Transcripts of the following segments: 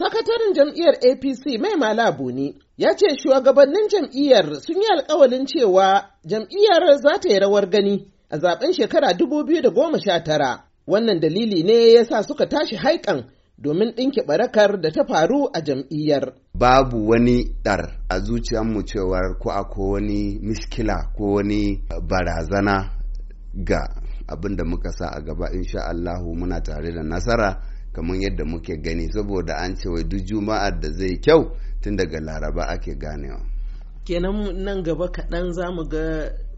Sakataren jam'iyyar APC mai malabu ne ya ce shugabannin jam'iyyar sun yi alkawalin cewa jam'iyyar za ta yi rawar gani a zaben shekara 2019. Wannan dalili ne ya sa suka tashi haikan domin ɗinke barakar da ta faru a jam'iyyar. Babu wani ɗar a mu cewar ko ko wani miskila ko wani barazana ga abin da muka sa a gaba insha Allahu muna tare da nasara. kamar yadda muke gani saboda an ce wai duk juma'ar da zai kyau tun daga laraba ake ganewa kenan nan gaba kaɗan za mu ga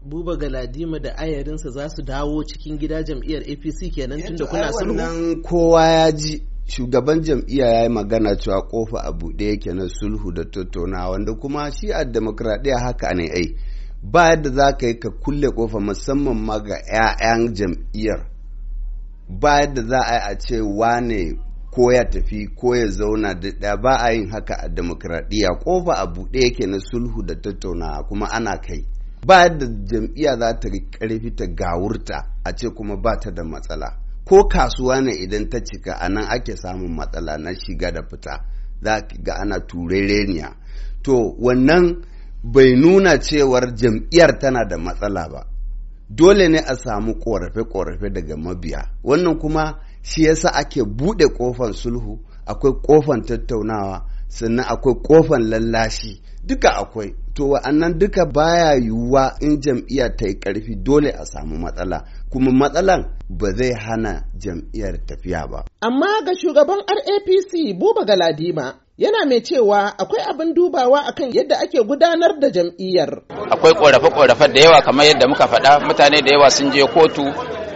buba galadima da ayarinsa za su dawo cikin gida jam'iyyar apc kenan tun da eh kuna sulhu wannan kowa ya ji shugaban jam'iyya ya yi magana cewa kofa a buɗe yake na sulhu da tattaunawa wanda kuma shi a demokradiyya haka ne ai ba yadda za ka yi ka kulle kofa musamman ma ga 'ya'yan jam'iyyar ba yadda za a yi a ce wane ko ya tafi ko ya zauna da ɗaya ba a yin haka a ko ba a buɗe yake na sulhu da tattaunawa kuma ana kai ba yadda jam'iyya za ta karfi ta gawurta a ce kuma ba ta da matsala ko kasuwa ne idan ta cika a nan ake samun matsala na shiga da fita za ga ana turereniya to wannan bai nuna cewar jam'iyyar tana da matsala ba dole ne a samu korafe-korafe daga mabiya wannan kuma shi yasa ake buɗe kofan sulhu akwai kofan tattaunawa sannan akwai kofan lallashi duka akwai to wa'annan duka baya yiwuwa in jam'iyyar ta yi ƙarfi dole a samu matsala kuma matsalan ba zai hana jam'iyyar tafiya ba amma ga shugaban rapc buba galadima yana mai cewa akwai abin dubawa akan yadda ake gudanar da jam'iyyar. Akwai ƙorafe korafe da yawa kamar yadda muka faɗa mutane da yawa sun je kotu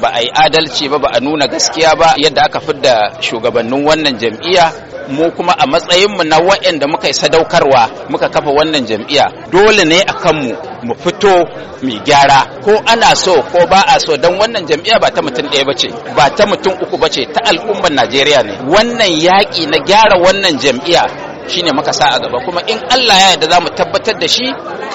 ba a yi adalci ba ba a nuna gaskiya ba yadda aka fidda shugabannin wannan jam'iyya mu kuma a matsayinmu na waɗanda muka yi sadaukarwa muka kafa wannan jam'iyya dole ne a kanmu mu fito mu gyara ko ana so ko ba a so don wannan jam'iyya ba ta mutum ɗaya bace ba ta mutum uku bace ta al'ummar Najeriya ne wannan yaƙi na gyara wannan jam'iyya shine muka sa a gaba kuma in Allah ya da za mu tabbatar da shi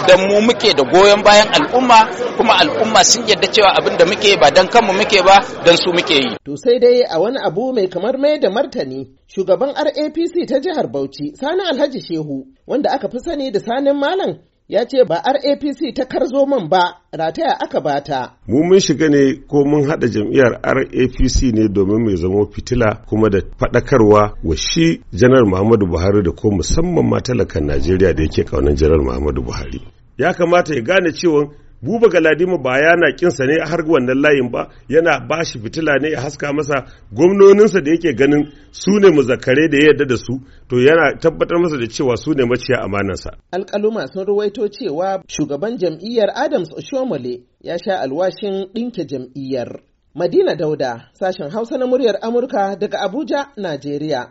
don mu muke da goyon bayan al'umma kuma al'umma sun yadda cewa abin da muke ba dan kanmu muke ba dan su muke yi to sai dai a wani abu mai kamar mai da martani shugaban RAPC ta jihar Bauchi Sani Alhaji Shehu wanda aka fi sani da Sanin Malam ya ce ba RAPC ta karzo man ba rataya aka bata. Mu mun shiga ne ko mun haɗa jam'iyyar RAPC ne domin mai zama fitila kuma da faɗakarwa wa shi janar Muhammadu Buhari da ko musamman ma talakan Najeriya da yake kaunar janar Muhammadu Buhari. Ya kamata ya gane cewa buba galadima ba yana kinsa ne har wannan layin ba yana ba shi fitila ne ya haska masa gwamnoninsa da yake ganin su ne muzakare da ya yarda da su to yana tabbatar masa da cewa su ne maciya amanansa alƙaluma sun ruwaito cewa shugaban jam'iyyar adams oshomole ya sha alwashin ɗinke jam'iyyar madina dauda sashen hausa na muryar amurka daga abuja najeriya